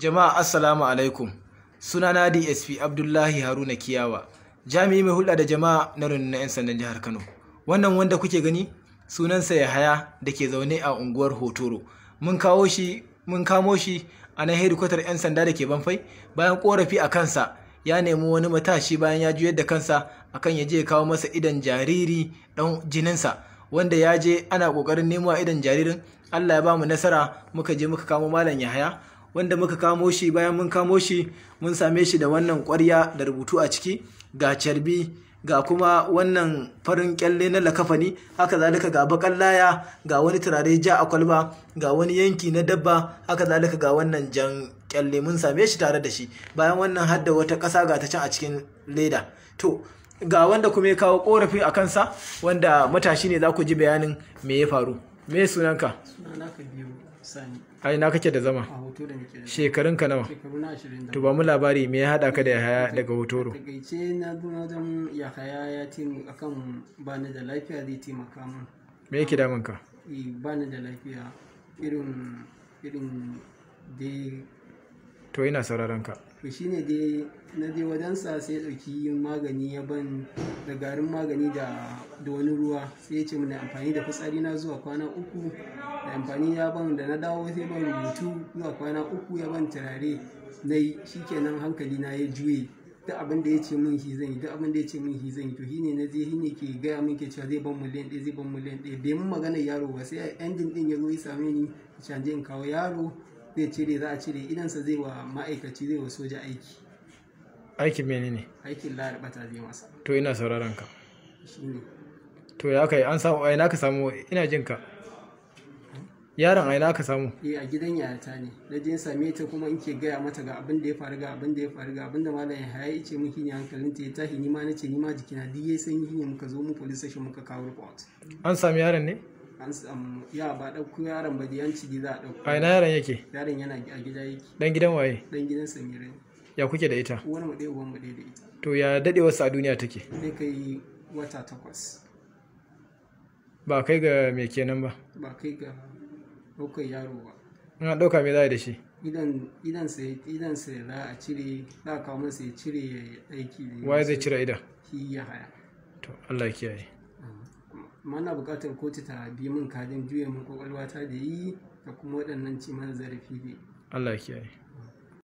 Jama'a Assalamu alaikum. suna na DSP Abdullahi Haruna Kiyawa, jami'i mai hulɗa da jama'a na rundunar 'yan sandan jihar Kano. Wannan wanda kuke gani sunansa Yahaya da ke zaune a unguwar Hotoro. Mun kawo kamo shi a na hedikwatar 'yan sanda da ke Banfai bayan korafi a kansa ya nemi wani matashi bayan ya juyar da kansa akan ya je kawo masa idan jariri dan jininsa wanda ya je ana kokarin nemo idan jaririn Allah ya ba mu nasara muka je muka kamo malam Yahaya wanda muka kamo shi bayan mun kamo shi mun same shi da wannan kwarya da rubutu a ciki ga carbi ga kuma wannan farin kyalle na lakafani haka zalika ga bakan laya ga wani turare ja a kwalba ga wani yanki na dabba haka zalika ga wannan jan kyalle mun same shi tare da shi bayan wannan hadda wata ƙasa ga ta can a cikin leda to ga wanda kuma ya kawo korafi a kansa wanda matashi ne za ku ji bayanin me ya faru me sunanka sunana kabiru sani ai na kake da zama shekarun ka nawa to ba mu labari me ya hada ka da Yahaya daga hotoro gaice na duna na dan Yahaya ya timu akan ba ni da lafiya zai taimaka mun me yake damun ka e, ba ni da lafiya irin irin dai to ina sauraron ka to ne dai na je wajensa sai ya ɗauki magani ya ban da garin magani da wani ruwa sai ya ce mana amfani da fitsari na zuwa kwana uku da amfani ya ban da na dawo sai ban rubutu zuwa kwana uku ya ban turare na yi shikenan hankali na ya juye duk abin da ya ce min shi zan yi duk abin da ya ce min shi zan yi to shine na je shine ke gaya min ke cewa zai ban miliyan ɗaya zai ban miliyan ɗaya bai mun magana yaro ba sai a ending din ya zo ya same ni canje in kawo yaro zai cire za a cire idansa zai wa ma'aikaci zai wa soja aiki aikin mene ne aikin larabata zai masa to ina sauraron ka to ya kai an samu aina ka samu ina jin ka yaron aina ka samu eh a gidan yarta ne na je same ta kuma in ke gaya mata ga abin da ya faru ga abin da ya faru ga abin da malam ya haye ce mun hinya hankalin ta ya tahi ni ma nace ni ma jikina duk yayi sanyi ne muka zo mu police station muka kawo report an sami yaron ne ya ba ɗauko yaron ba yan ciki a ɗauko a ina yaron yake yaron yana a gida yake dan gidan waye dan gidan samira ya kuke da ita wani mu ɗaya mu ɗaya da ita to ya dadewar sa a duniya take zai kai wata takwas ba kai ga me kenan ba ba kai ga ɗaukar yaro ba ina ɗauka me za a yi da shi idan sa za a cire za a kawo masa ya cire ya aiki waye zai cire idan shi ya haya to Allah ya kiyaye amma na buƙatar kotu ta bi min kajin juya min kwakwalwata da yi da kuma waɗannan ciman zarafi ne Allah kiyaye